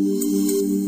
Thank you.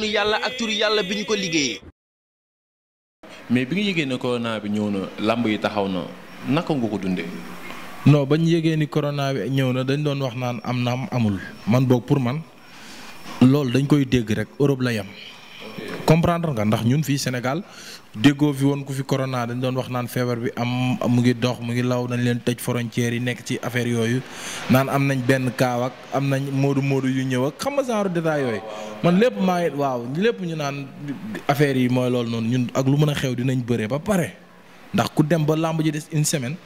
yoonu yàlla ak yàlla bi ko liggéeyee. mais bi nga yëgee corona bi ñëw na làmb yi taxaw na naka nga ko dundee. non ba ñu yëgee ni corona bi ñëw na dañ doon wax naan am na amul man boog pour man loolu dañ koy dégg rek Europe la yam comprendre nga ndax ñun fii Sénégal déggoo fi woon ku fi corona dañ doon wax naan feebar bi am mu ngi dox mu ngi law dañ leen tëj frontières yi nekk ci affaire yooyu naan am nañ benn kaaw ak am nañ moodu moodu yu ñëw ak xam nga genre détail yooyu man lépp maa waaw lépp ñu naan affaire yi mooy loolu noonu ñun ak lu mën a xew dinañ bëree ba pare. ndax ku dem ba làmb ji des une semaine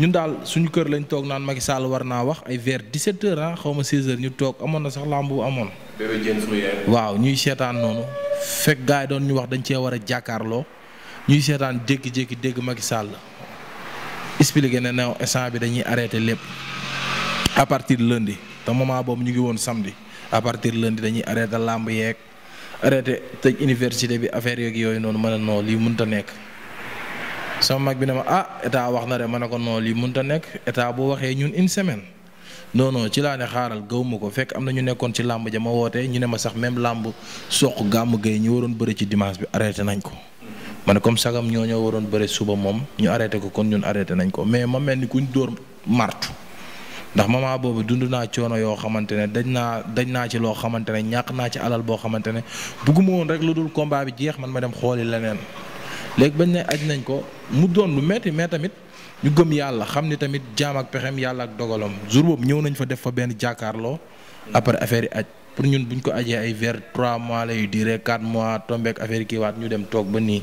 ñun daal suñu kër lañ toog naan Macky Sall war naa wax ay vers 17 heures ah xaw ma 16 ñu toog amoon na sax làmb bu amoon. waaw ñuy seetaan fekk gars yi doon ñu wax dañ cee war a jàkkaarloo ñuy seetaan jékki-jékki dégg Macky Sall expliqué na new instant bi dañuy arrêté lépp à partir lundi te moment boobu ñu ngi woon samedi à partir lundi dañuy arrêté làmb yeeg arrêté tëj université bi affaire yeeg yooyu noonu ma ne non lii mënta nekk. sama mag bi ne ma ah état wax na de ma ne ko non lii mënta nekk état boo waxee ñun une semaine. non non ci laa ne xaaral gawuma ko fekk am na ñu nekkoon ci làmb ja ma woote ñu ne ma sax même làmb soq gàmm gay ñu waroon bëri ci dimanche bi arrêté nañ ko. ma comme sagam ñoo ñoo waroon bëri suba moom ñu arrêté ko kon ñun arrêté nañ ko mais ma mel ni kuñ dóor martu ndax ma moment boobu dund naa coono yoo xamante ne dañ naa dañ naa ci loo xamante ne ñàkk naa ci alal boo xamante ne bugguma woon rek lu dul kombaa bi jeex man ma dem xooli leneen léegi bañ ne aj nañ ko mu doon lu metti mais tamit ñu gëm yàlla xam ni tamit jaam ak pexem yàlla ak dogalam jour boobu ñëw nañu fa def fa benn jàkkaarloo après affaire yi aj pour ñun buñ ko ajee ay vers trois mois lay durer quatre mois tombeek affaire kiiwaat ñu dem toog ba nii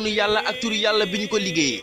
yoonu yàlla ak turu yàlla bi ñu ko liggéeyee